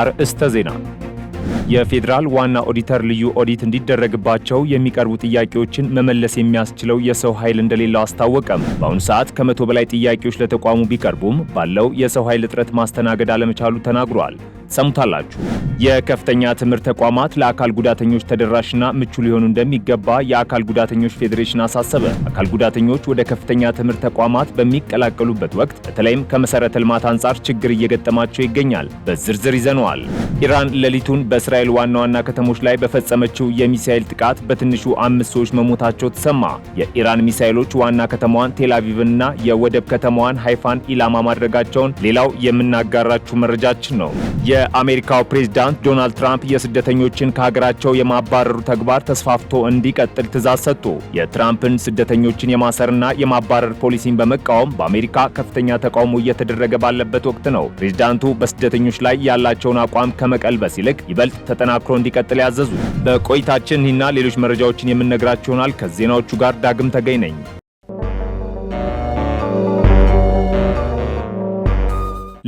አርዕስተ ዜና የፌዴራል ዋና ኦዲተር ልዩ ኦዲት እንዲደረግባቸው የሚቀርቡ ጥያቄዎችን መመለስ የሚያስችለው የሰው ኃይል እንደሌለው አስታወቀም። በአሁኑ ሰዓት ከመቶ በላይ ጥያቄዎች ለተቋሙ ቢቀርቡም ባለው የሰው ኃይል እጥረት ማስተናገድ አለመቻሉ ተናግሯል። ሰሙታላችሁ። የከፍተኛ ትምህርት ተቋማት ለአካል ጉዳተኞች ተደራሽና ምቹ ሊሆኑ እንደሚገባ የአካል ጉዳተኞች ፌዴሬሽን አሳሰበ። አካል ጉዳተኞች ወደ ከፍተኛ ትምህርት ተቋማት በሚቀላቀሉበት ወቅት በተለይም ከመሰረተ ልማት አንጻር ችግር እየገጠማቸው ይገኛል። በዝርዝር ይዘነዋል። ኢራን ሌሊቱን በእስራኤል ዋና ዋና ከተሞች ላይ በፈጸመችው የሚሳኤል ጥቃት በትንሹ አምስት ሰዎች መሞታቸው ተሰማ። የኢራን ሚሳኤሎች ዋና ከተማዋን ቴልአቪቭንና የወደብ ከተማዋን ሃይፋን ኢላማ ማድረጋቸውን ሌላው የምናጋራችሁ መረጃችን ነው። የአሜሪካው ፕሬዝዳንት ዶናልድ ትራምፕ የስደተኞችን ከሀገራቸው የማባረሩ ተግባር ተስፋፍቶ እንዲቀጥል ትእዛዝ ሰጡ። የትራምፕን ስደተኞችን የማሰርና የማባረር ፖሊሲን በመቃወም በአሜሪካ ከፍተኛ ተቃውሞ እየተደረገ ባለበት ወቅት ነው ፕሬዝዳንቱ በስደተኞች ላይ ያላቸውን አቋም ከመቀልበስ ይልቅ ይበልጥ ተጠናክሮ እንዲቀጥል ያዘዙ። በቆይታችን ይህና ሌሎች መረጃዎችን ይሆናል ከዜናዎቹ ጋር ዳግም ተገኝ ነኝ።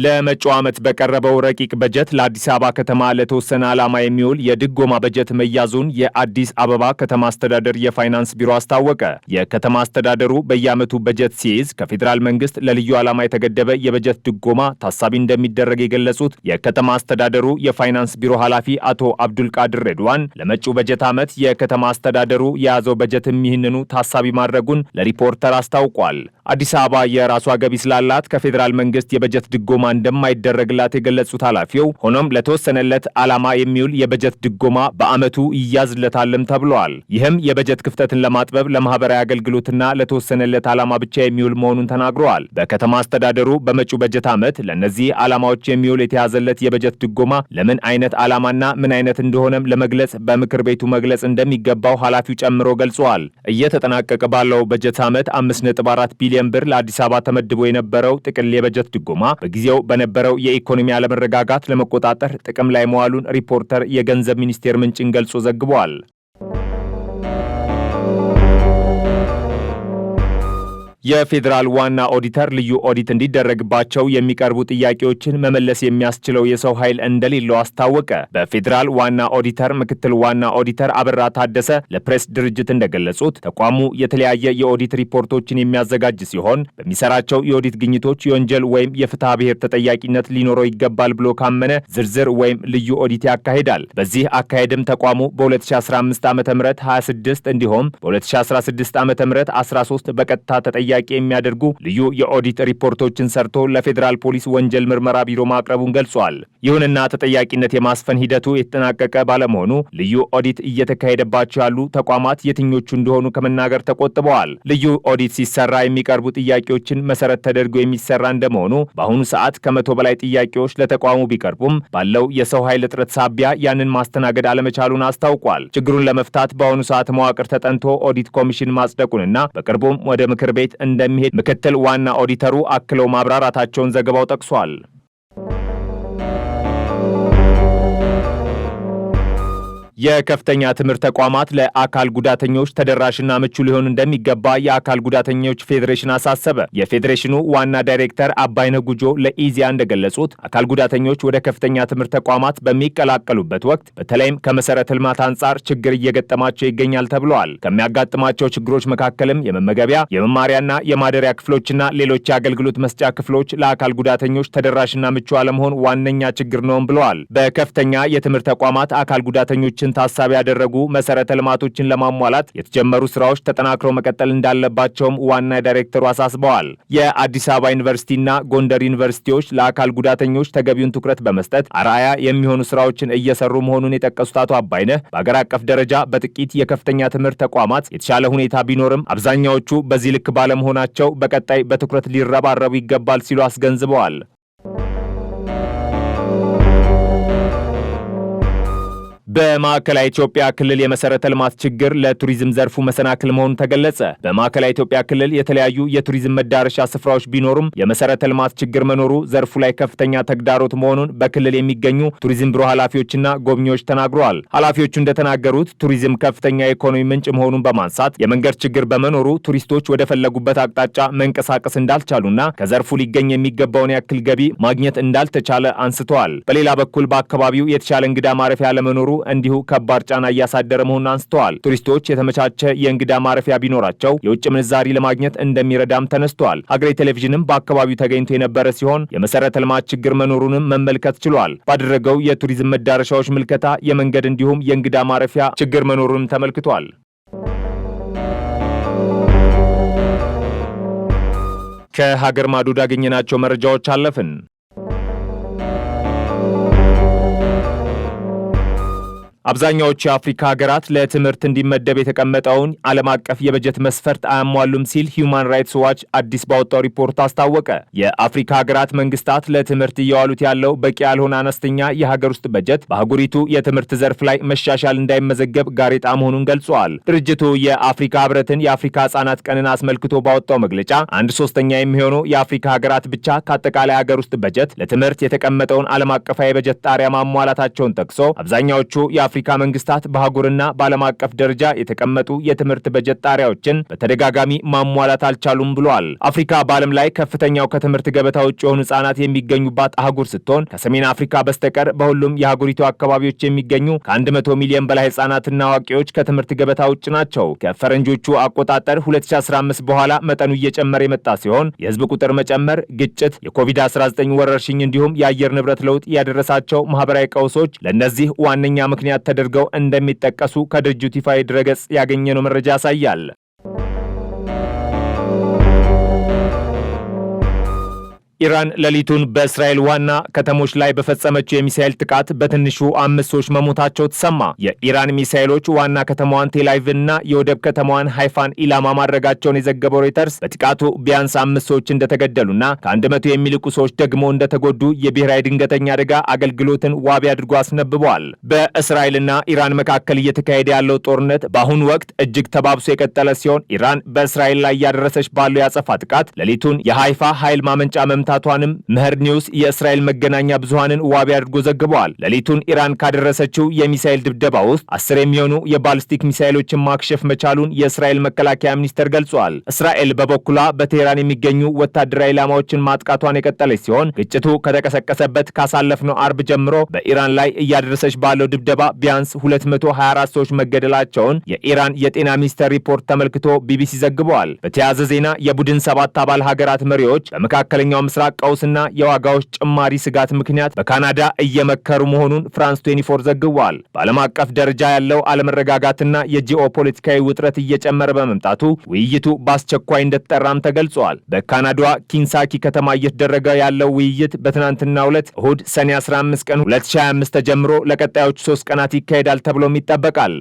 ለመጪው ዓመት በቀረበው ረቂቅ በጀት ለአዲስ አበባ ከተማ ለተወሰነ ዓላማ የሚውል የድጎማ በጀት መያዙን የአዲስ አበባ ከተማ አስተዳደር የፋይናንስ ቢሮ አስታወቀ። የከተማ አስተዳደሩ በየዓመቱ በጀት ሲይዝ ከፌዴራል መንግስት ለልዩ ዓላማ የተገደበ የበጀት ድጎማ ታሳቢ እንደሚደረግ የገለጹት የከተማ አስተዳደሩ የፋይናንስ ቢሮ ኃላፊ አቶ አብዱልቃድር ሬድዋን ለመጪው በጀት ዓመት የከተማ አስተዳደሩ የያዘው በጀትም ይህንኑ ታሳቢ ማድረጉን ለሪፖርተር አስታውቋል። አዲስ አበባ የራሷ ገቢ ስላላት ከፌዴራል መንግስት የበጀት ድጎማ ድጎማ እንደማይደረግላት የገለጹት ኃላፊው ሆኖም ለተወሰነለት ዓላማ የሚውል የበጀት ድጎማ በዓመቱ ይያዝለታልም ተብለዋል። ይህም የበጀት ክፍተትን ለማጥበብ ለማህበራዊ አገልግሎትና ለተወሰነለት ዓላማ ብቻ የሚውል መሆኑን ተናግረዋል። በከተማ አስተዳደሩ በመጪው በጀት ዓመት ለእነዚህ ዓላማዎች የሚውል የተያዘለት የበጀት ድጎማ ለምን አይነት ዓላማና ምን አይነት እንደሆነም ለመግለጽ በምክር ቤቱ መግለጽ እንደሚገባው ኃላፊው ጨምሮ ገልጸዋል። እየተጠናቀቀ ባለው በጀት ዓመት 5.4 ቢሊዮን ብር ለአዲስ አበባ ተመድቦ የነበረው ጥቅል የበጀት ድጎማ በጊዜው ጊዜው በነበረው የኢኮኖሚ አለመረጋጋት ለመቆጣጠር ጥቅም ላይ መዋሉን ሪፖርተር የገንዘብ ሚኒስቴር ምንጭን ገልጾ ዘግቧል። የፌዴራል ዋና ኦዲተር ልዩ ኦዲት እንዲደረግባቸው የሚቀርቡ ጥያቄዎችን መመለስ የሚያስችለው የሰው ኃይል እንደሌለው አስታወቀ። በፌዴራል ዋና ኦዲተር ምክትል ዋና ኦዲተር አበራ ታደሰ ለፕሬስ ድርጅት እንደገለጹት ተቋሙ የተለያየ የኦዲት ሪፖርቶችን የሚያዘጋጅ ሲሆን በሚሰራቸው የኦዲት ግኝቶች የወንጀል ወይም የፍትሐ ብሔር ተጠያቂነት ሊኖረው ይገባል ብሎ ካመነ ዝርዝር ወይም ልዩ ኦዲት ያካሂዳል። በዚህ አካሄድም ተቋሙ በ2015 ዓ ም 26 እንዲሁም በ2016 ዓ ም 13 በቀጥታ ተጠያ ጥያቄ የሚያደርጉ ልዩ የኦዲት ሪፖርቶችን ሰርቶ ለፌዴራል ፖሊስ ወንጀል ምርመራ ቢሮ ማቅረቡን ገልጿል። ይሁንና ተጠያቂነት የማስፈን ሂደቱ የተጠናቀቀ ባለመሆኑ ልዩ ኦዲት እየተካሄደባቸው ያሉ ተቋማት የትኞቹ እንደሆኑ ከመናገር ተቆጥበዋል። ልዩ ኦዲት ሲሰራ የሚቀርቡ ጥያቄዎችን መሰረት ተደርጎ የሚሰራ እንደመሆኑ በአሁኑ ሰዓት ከመቶ በላይ ጥያቄዎች ለተቋሙ ቢቀርቡም ባለው የሰው ኃይል እጥረት ሳቢያ ያንን ማስተናገድ አለመቻሉን አስታውቋል። ችግሩን ለመፍታት በአሁኑ ሰዓት መዋቅር ተጠንቶ ኦዲት ኮሚሽን ማጽደቁንና በቅርቡም ወደ ምክር ቤት እንደሚሄድ ምክትል ዋና ኦዲተሩ አክለው ማብራራታቸውን ዘገባው ጠቅሷል። የከፍተኛ ትምህርት ተቋማት ለአካል ጉዳተኞች ተደራሽና ምቹ ሊሆን እንደሚገባ የአካል ጉዳተኞች ፌዴሬሽን አሳሰበ። የፌዴሬሽኑ ዋና ዳይሬክተር አባይነ ጉጆ ለኢዚያ እንደገለጹት አካል ጉዳተኞች ወደ ከፍተኛ ትምህርት ተቋማት በሚቀላቀሉበት ወቅት በተለይም ከመሰረተ ልማት አንጻር ችግር እየገጠማቸው ይገኛል ተብለዋል። ከሚያጋጥማቸው ችግሮች መካከልም የመመገቢያ፣ የመማሪያና የማደሪያ ክፍሎችና ሌሎች የአገልግሎት መስጫ ክፍሎች ለአካል ጉዳተኞች ተደራሽና ምቹ አለመሆን ዋነኛ ችግር ነውም ብለዋል። በከፍተኛ የትምህርት ተቋማት አካል ጉዳተኞች ነዋሪዎችን ታሳቢ ያደረጉ መሰረተ ልማቶችን ለማሟላት የተጀመሩ ስራዎች ተጠናክረው መቀጠል እንዳለባቸውም ዋና ዳይሬክተሩ አሳስበዋል። የአዲስ አበባ ዩኒቨርሲቲና ጎንደር ዩኒቨርሲቲዎች ለአካል ጉዳተኞች ተገቢውን ትኩረት በመስጠት አርአያ የሚሆኑ ስራዎችን እየሰሩ መሆኑን የጠቀሱት አቶ አባይነህ በአገር አቀፍ ደረጃ በጥቂት የከፍተኛ ትምህርት ተቋማት የተሻለ ሁኔታ ቢኖርም አብዛኛዎቹ በዚህ ልክ ባለመሆናቸው በቀጣይ በትኩረት ሊረባረቡ ይገባል ሲሉ አስገንዝበዋል። በማዕከላዊ ኢትዮጵያ ክልል የመሰረተ ልማት ችግር ለቱሪዝም ዘርፉ መሰናክል መሆኑ ተገለጸ። በማዕከላዊ ኢትዮጵያ ክልል የተለያዩ የቱሪዝም መዳረሻ ስፍራዎች ቢኖሩም የመሰረተ ልማት ችግር መኖሩ ዘርፉ ላይ ከፍተኛ ተግዳሮት መሆኑን በክልል የሚገኙ ቱሪዝም ቢሮ ኃላፊዎችና ጎብኚዎች ተናግረዋል። ኃላፊዎቹ እንደተናገሩት ቱሪዝም ከፍተኛ የኢኮኖሚ ምንጭ መሆኑን በማንሳት የመንገድ ችግር በመኖሩ ቱሪስቶች ወደፈለጉበት አቅጣጫ መንቀሳቀስ እንዳልቻሉና ከዘርፉ ሊገኝ የሚገባውን ያክል ገቢ ማግኘት እንዳልተቻለ አንስተዋል። በሌላ በኩል በአካባቢው የተሻለ እንግዳ ማረፊያ ለመኖሩ እንዲሁ ከባድ ጫና እያሳደረ መሆኑን አንስተዋል። ቱሪስቶች የተመቻቸ የእንግዳ ማረፊያ ቢኖራቸው የውጭ ምንዛሪ ለማግኘት እንደሚረዳም ተነስተዋል። ሀገሬ ቴሌቪዥንም በአካባቢው ተገኝቶ የነበረ ሲሆን የመሰረተ ልማት ችግር መኖሩንም መመልከት ችሏል። ባደረገው የቱሪዝም መዳረሻዎች ምልከታ የመንገድ እንዲሁም የእንግዳ ማረፊያ ችግር መኖሩንም ተመልክቷል። ከሀገር ማዶ ያገኘናቸው መረጃዎች አለፍን። አብዛኛዎቹ የአፍሪካ ሀገራት ለትምህርት እንዲመደብ የተቀመጠውን ዓለም አቀፍ የበጀት መስፈርት አያሟሉም ሲል ሂውማን ራይትስ ዋች አዲስ ባወጣው ሪፖርት አስታወቀ። የአፍሪካ ሀገራት መንግስታት ለትምህርት እየዋሉት ያለው በቂ ያልሆነ አነስተኛ የሀገር ውስጥ በጀት በአህጉሪቱ የትምህርት ዘርፍ ላይ መሻሻል እንዳይመዘገብ ጋሬጣ መሆኑን ገልጿል። ድርጅቱ የአፍሪካ ህብረትን የአፍሪካ ህጻናት ቀንን አስመልክቶ ባወጣው መግለጫ አንድ ሶስተኛ የሚሆኑ የአፍሪካ ሀገራት ብቻ ከአጠቃላይ ሀገር ውስጥ በጀት ለትምህርት የተቀመጠውን ዓለም አቀፋዊ የበጀት ጣሪያ ማሟላታቸውን ጠቅሶ አብዛኛዎቹ የአፍሪካ መንግስታት በአህጉርና በዓለም አቀፍ ደረጃ የተቀመጡ የትምህርት በጀት ጣሪያዎችን በተደጋጋሚ ማሟላት አልቻሉም ብለዋል። አፍሪካ በዓለም ላይ ከፍተኛው ከትምህርት ገበታ ውጭ የሆኑ ህጻናት የሚገኙባት አህጉር ስትሆን ከሰሜን አፍሪካ በስተቀር በሁሉም የአህጉሪቱ አካባቢዎች የሚገኙ ከ100 ሚሊዮን በላይ ህጻናትና አዋቂዎች ከትምህርት ገበታ ውጭ ናቸው። ከፈረንጆቹ አቆጣጠር 2015 በኋላ መጠኑ እየጨመረ የመጣ ሲሆን የህዝብ ቁጥር መጨመር፣ ግጭት፣ የኮቪድ-19 ወረርሽኝ እንዲሁም የአየር ንብረት ለውጥ ያደረሳቸው ማህበራዊ ቀውሶች ለእነዚህ ዋነኛ ምክንያት ተደርገው እንደሚጠቀሱ ከድርጅቱ ይፋዊ ድረገጽ ያገኘነው መረጃ ያሳያል። ኢራን ሌሊቱን በእስራኤል ዋና ከተሞች ላይ በፈጸመችው የሚሳኤል ጥቃት በትንሹ አምስት ሰዎች መሞታቸው ተሰማ። የኢራን ሚሳኤሎች ዋና ከተማዋን ቴላቪቭና የወደብ ከተማዋን ሃይፋን ኢላማ ማድረጋቸውን የዘገበው ሮይተርስ በጥቃቱ ቢያንስ አምስት ሰዎች እንደተገደሉና ከአንድ መቶ የሚልቁ ሰዎች ደግሞ እንደተጎዱ የብሔራዊ ድንገተኛ አደጋ አገልግሎትን ዋቢ አድርጎ አስነብበዋል። በእስራኤልና ኢራን መካከል እየተካሄደ ያለው ጦርነት በአሁኑ ወቅት እጅግ ተባብሶ የቀጠለ ሲሆን ኢራን በእስራኤል ላይ እያደረሰች ባለው ያጸፋ ጥቃት ሌሊቱን የሃይፋ ኃይል ማመንጫ መምት ማምታቷንም መህር ኒውስ የእስራኤል መገናኛ ብዙሃንን ዋቢ አድርጎ ዘግበዋል። ሌሊቱን ኢራን ካደረሰችው የሚሳኤል ድብደባ ውስጥ አስር የሚሆኑ የባልስቲክ ሚሳኤሎችን ማክሸፍ መቻሉን የእስራኤል መከላከያ ሚኒስቴር ገልጿል። እስራኤል በበኩሏ በቴህራን የሚገኙ ወታደራዊ ኢላማዎችን ማጥቃቷን የቀጠለች ሲሆን ግጭቱ ከተቀሰቀሰበት ካሳለፍነው አርብ ጀምሮ በኢራን ላይ እያደረሰች ባለው ድብደባ ቢያንስ 224 ሰዎች መገደላቸውን የኢራን የጤና ሚኒስቴር ሪፖርት ተመልክቶ ቢቢሲ ዘግበዋል። በተያያዘ ዜና የቡድን ሰባት አባል ሀገራት መሪዎች በመካከለኛው ምስራቅ ቀውስና የዋጋዎች ጭማሪ ስጋት ምክንያት በካናዳ እየመከሩ መሆኑን ፍራንስ 24 ዘግቧል። በዓለም አቀፍ ደረጃ ያለው አለመረጋጋትና የጂኦፖለቲካዊ ውጥረት እየጨመረ በመምጣቱ ውይይቱ በአስቸኳይ እንደተጠራም ተገልጿል። በካናዳዋ ኪንሳኪ ከተማ እየተደረገ ያለው ውይይት በትናንትናው ዕለት እሁድ ሰኔ 15 ቀን 2025 ተጀምሮ ለቀጣዮቹ ሶስት ቀናት ይካሄዳል ተብሎም ይጠበቃል።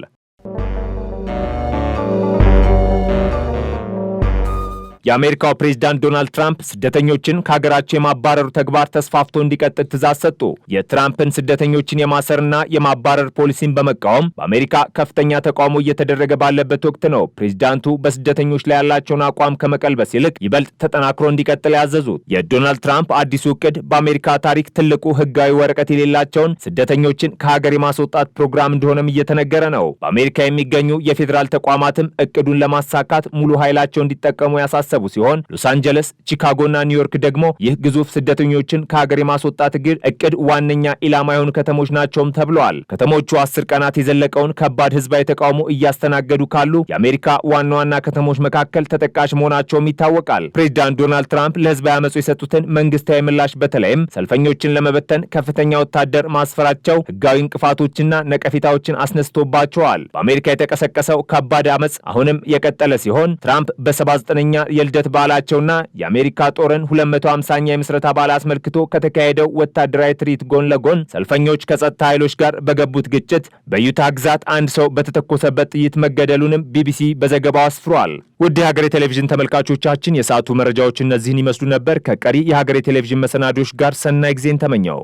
የአሜሪካው ፕሬዚዳንት ዶናልድ ትራምፕ ስደተኞችን ከሀገራቸው የማባረሩ ተግባር ተስፋፍቶ እንዲቀጥል ትእዛዝ ሰጡ። የትራምፕን ስደተኞችን የማሰርና የማባረር ፖሊሲን በመቃወም በአሜሪካ ከፍተኛ ተቃውሞ እየተደረገ ባለበት ወቅት ነው ፕሬዚዳንቱ በስደተኞች ላይ ያላቸውን አቋም ከመቀልበስ ይልቅ ይበልጥ ተጠናክሮ እንዲቀጥል ያዘዙት። የዶናልድ ትራምፕ አዲሱ እቅድ በአሜሪካ ታሪክ ትልቁ ህጋዊ ወረቀት የሌላቸውን ስደተኞችን ከሀገር የማስወጣት ፕሮግራም እንደሆነም እየተነገረ ነው። በአሜሪካ የሚገኙ የፌዴራል ተቋማትም እቅዱን ለማሳካት ሙሉ ኃይላቸው እንዲጠቀሙ ያሳሰ ያሳሰቡ ሲሆን ሎስ አንጀለስ፣ ቺካጎና ኒውዮርክ ደግሞ ይህ ግዙፍ ስደተኞችን ከሀገር የማስወጣት እቅድ ዋነኛ ኢላማ የሆኑ ከተሞች ናቸውም ተብለዋል። ከተሞቹ አስር ቀናት የዘለቀውን ከባድ ህዝባዊ ተቃውሞ እያስተናገዱ ካሉ የአሜሪካ ዋና ዋና ከተሞች መካከል ተጠቃሽ መሆናቸውም ይታወቃል። ፕሬዚዳንት ዶናልድ ትራምፕ ለህዝባዊ አመፁ የሰጡትን መንግስታዊ ምላሽ በተለይም ሰልፈኞችን ለመበተን ከፍተኛ ወታደር ማስፈራቸው ህጋዊ እንቅፋቶችና ነቀፌታዎችን አስነስቶባቸዋል። በአሜሪካ የተቀሰቀሰው ከባድ አመፅ አሁንም የቀጠለ ሲሆን ትራምፕ በ79ኛ የልደት በዓላቸውና የአሜሪካ ጦርን 250ኛ የምስረታ በዓል አስመልክቶ ከተካሄደው ወታደራዊ ትርኢት ጎን ለጎን ሰልፈኞች ከጸጥታ ኃይሎች ጋር በገቡት ግጭት በዩታ ግዛት አንድ ሰው በተተኮሰበት ጥይት መገደሉንም ቢቢሲ በዘገባው አስፍሯል። ውድ የሀገሬ ቴሌቪዥን ተመልካቾቻችን የሰዓቱ መረጃዎች እነዚህን ይመስሉ ነበር። ከቀሪ የሀገሬ ቴሌቪዥን መሰናዶች ጋር ሰናይ ጊዜን ተመኘው።